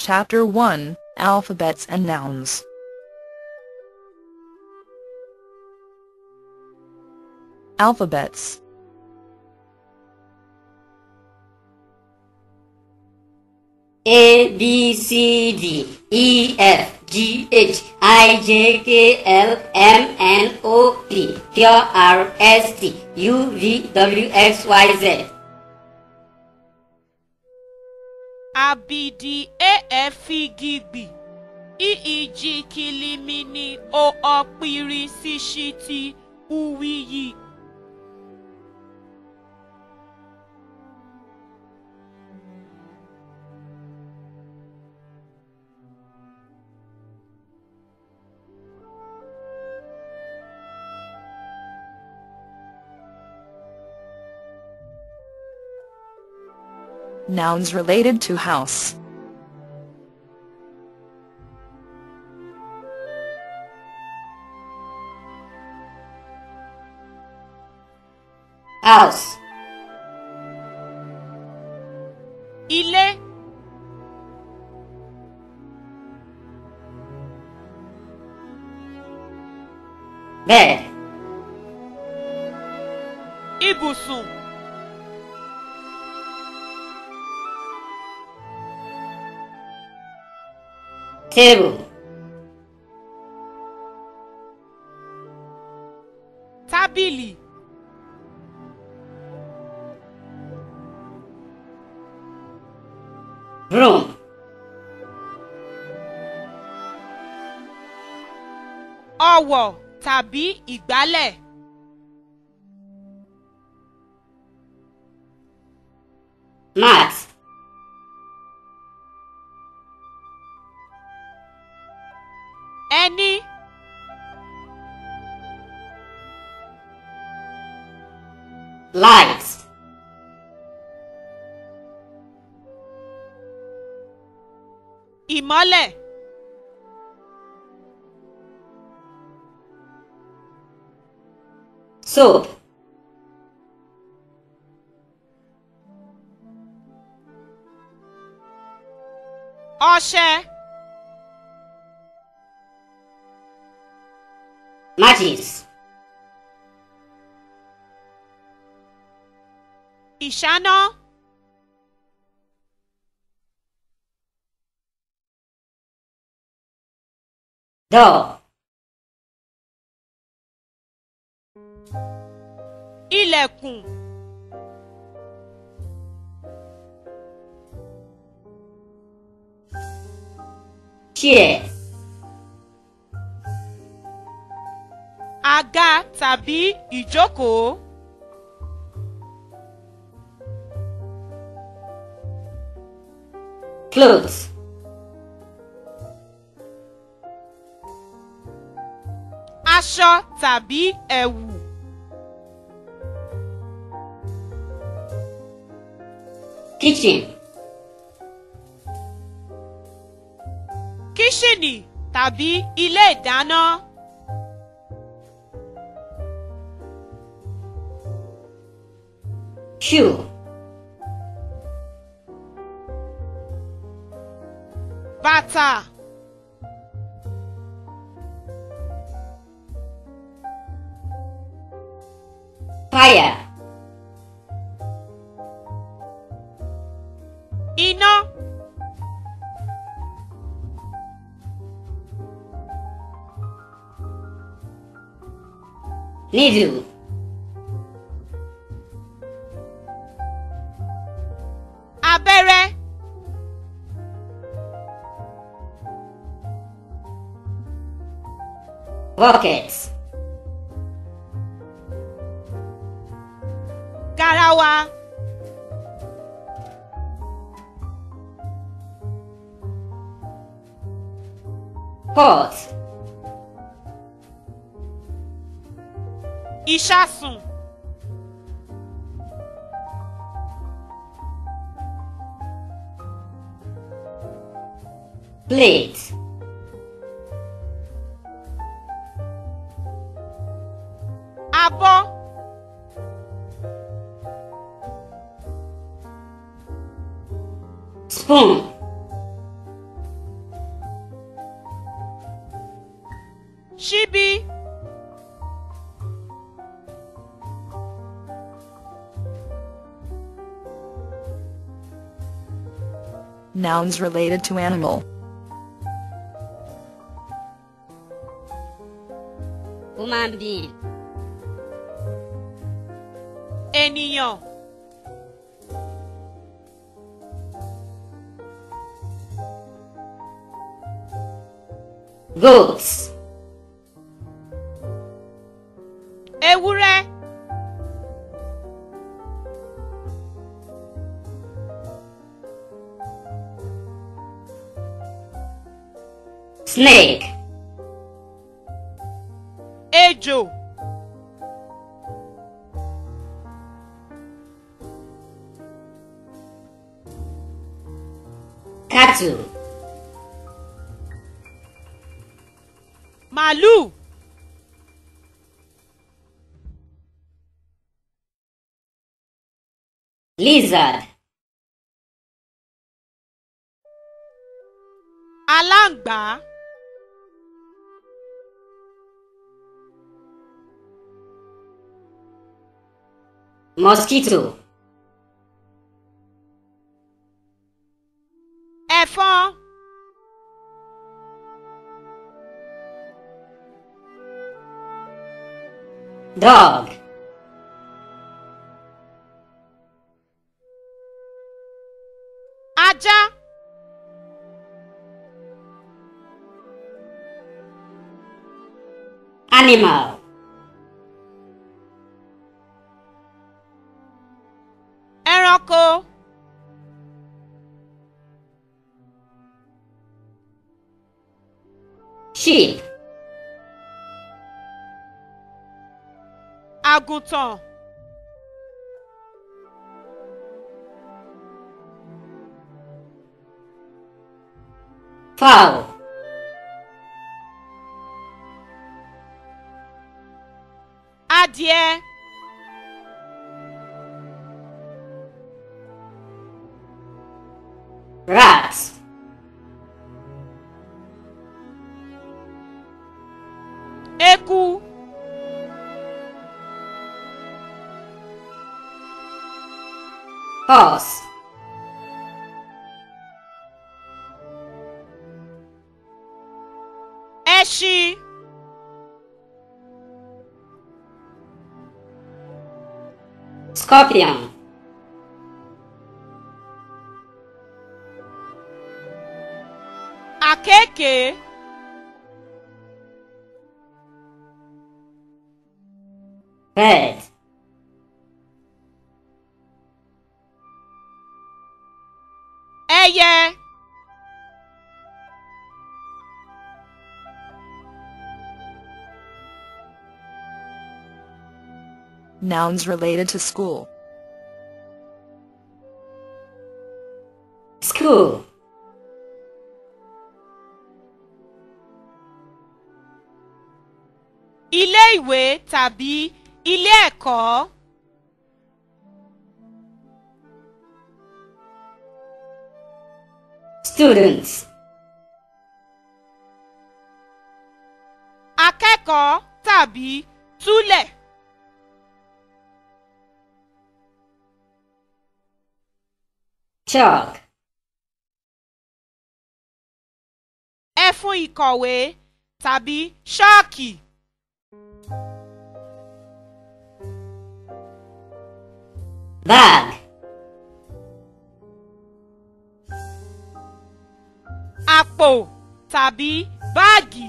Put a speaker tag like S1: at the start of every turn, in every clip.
S1: Chapter 1, Alphabets and Nouns Alphabets A B C D E F G H I J K L M N O P Q R S T U V W X Y Z
S2: abidi efigigbi iijikilimi e e ni o okpiri sishiti uwiyi
S1: nouns related to house. House. Ile. Bed.
S2: Ibùsùn. table. Tábìlì. Broom. Ọ̀wọ̀ Tabi ìgbálẹ̀. Mat. ìmọ́lẹ̀. soap. ọṣẹ.
S1: matches. ìṣáná. Door. Ilẹ̀kùn. Chair.
S2: Àga tàbí ìjókòó. Clothes. aṣọ tàbí ẹ̀wù. kitchen. kíṣìnì tàbí ilé ìdáná. queue. bàtà. Fire. Iná. Needle. Abẹ́rẹ́.
S1: Rockets. ara wa. Pot.
S2: Ìṣasùn.
S1: Plate. Abọ́. Hmm.
S2: Shibi.
S1: Nouns related to animal. Human being. Ènìyàn. goats ewúrẹ́ snake lizard
S2: aláǹgbá mosquito ẹ̀fọn dog ajá. animal. ẹranko. sheep. àgùntàn. Fal! Adeɛ. Rats. Eku. Horse.
S1: Scorpion que? Bird Nouns related to school. School.
S2: Ilé ìwé tàbí ilé ẹ̀kọ́.
S1: Students.
S2: Akeko tàbí túlẹ̀. Chalk. Ẹ fún ìkọ̀wé tàbí ṣọ́ọ̀kì. Bag. Àpò tàbí báàgì.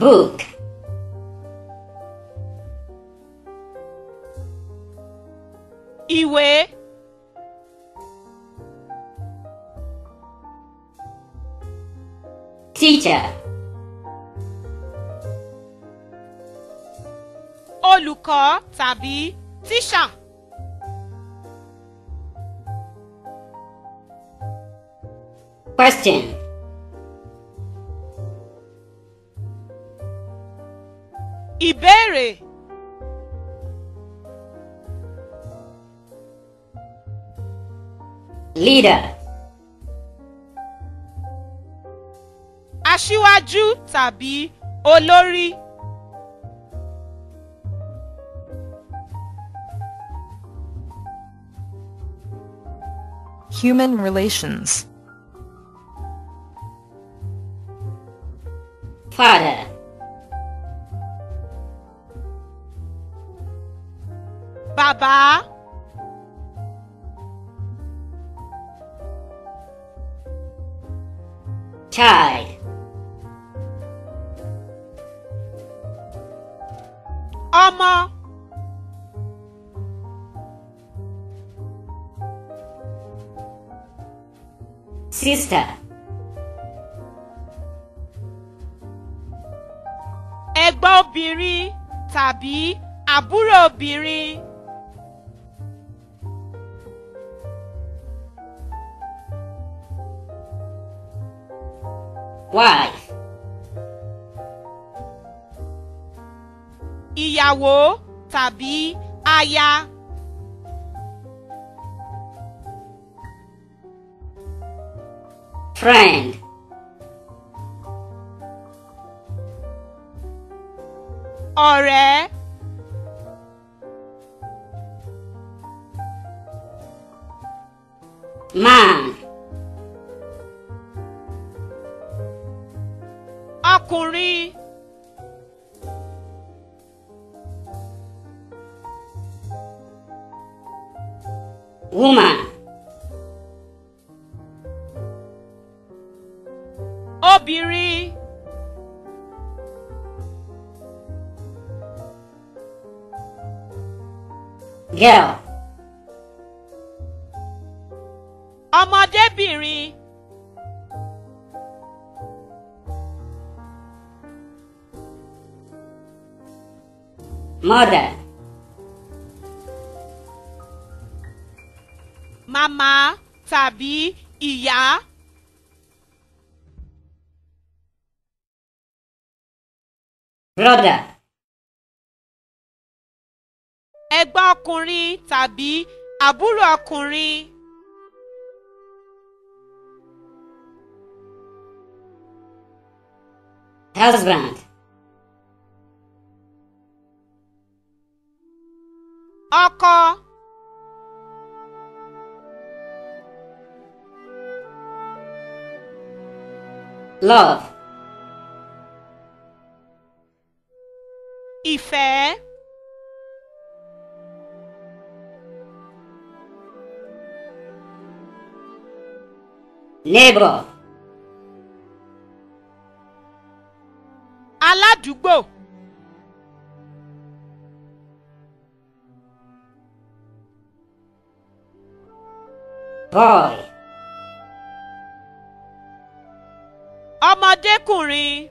S2: Book. Teacher. Olùkọ́ tàbí tíṣà. Question. Ìbéèrè. Leader. aṣíwájú tàbí olórí.
S1: Human relations. Father.
S2: Baba.
S1: Child. sister.
S2: Ẹ̀gbọ́n obìnrin tàbí àbúrò obìnrin. Wife. Ìyàwó tàbí aya. friend ọ̀rẹ́
S1: man Girl.
S2: Ọmọdébìnrin. Mother. Mama. tàbí ìyá.
S1: Brother ẹ̀gbọ́n ọkùnrin tàbí
S2: àbúrò ọkùnrin.
S1: husband. ọkọ. love.
S2: ìfẹ́.
S1: Libro.
S2: Aládùúgbò. Boy. Ọmọdékùnrin.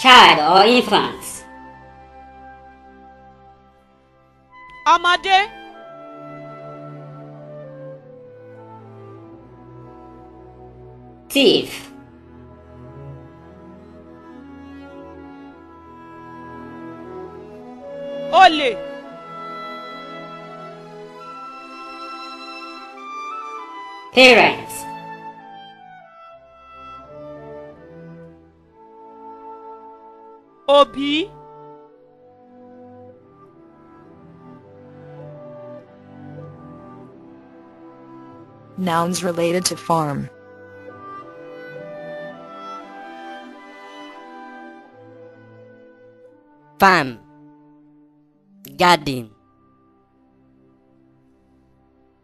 S1: Child or infants. ọmọdé. thief.
S2: olè. parents. òbí.
S1: Nouns related to farm. Farm Garden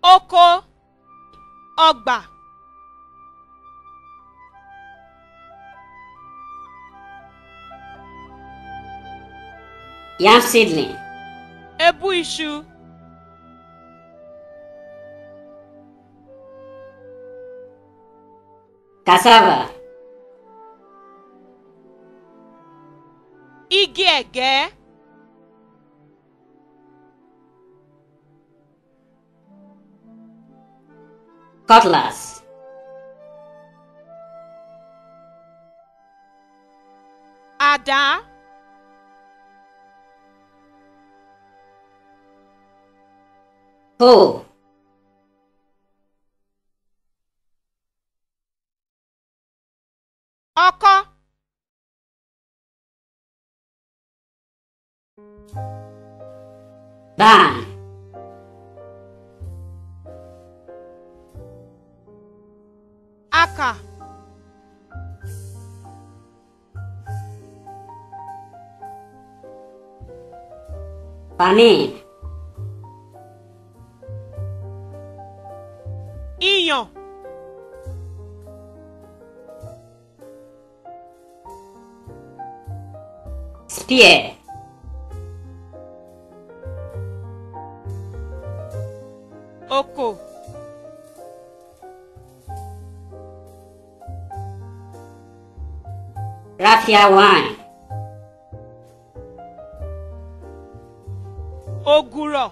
S2: Oko Ọgbà
S1: Yam seedling
S2: Ebu iṣu
S1: Caçava.
S2: Iguegué.
S1: Cutlass.
S2: Ada.
S1: Pole. ọkọ báà akà panin 店。oko raffia wine
S2: ogura,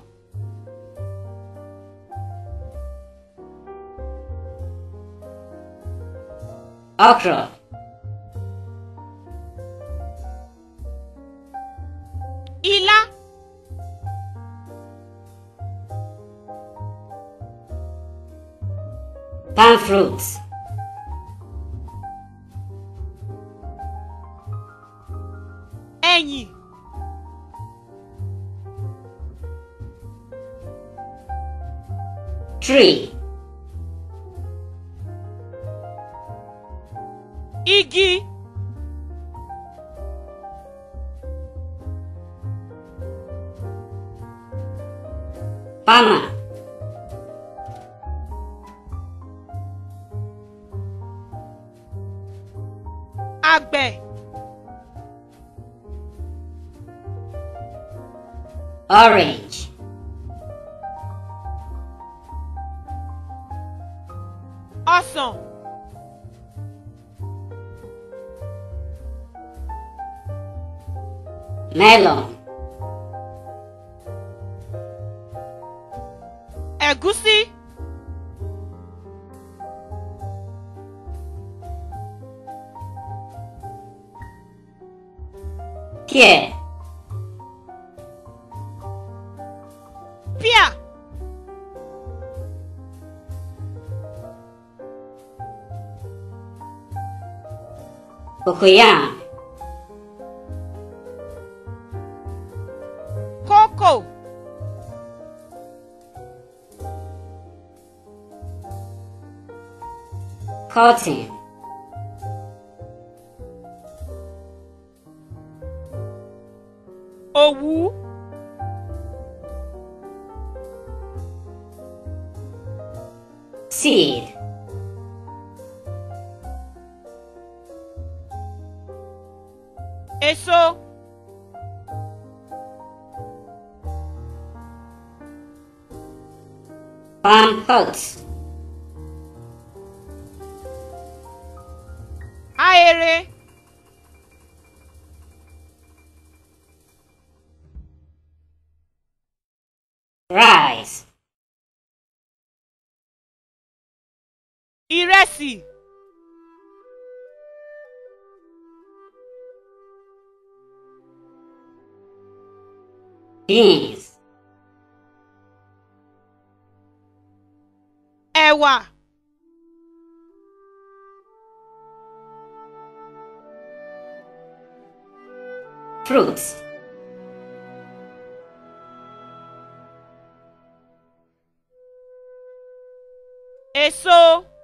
S1: okra. palm fruits.
S2: Enyi. Tree.
S1: orange. Awesome. Melon.
S2: Egusi.
S1: Que 可可呀，可可，可可。èso. palm pot.
S2: ahere.
S1: Rise. ìrẹsì. Is. Ewa. fruits.
S2: Eso.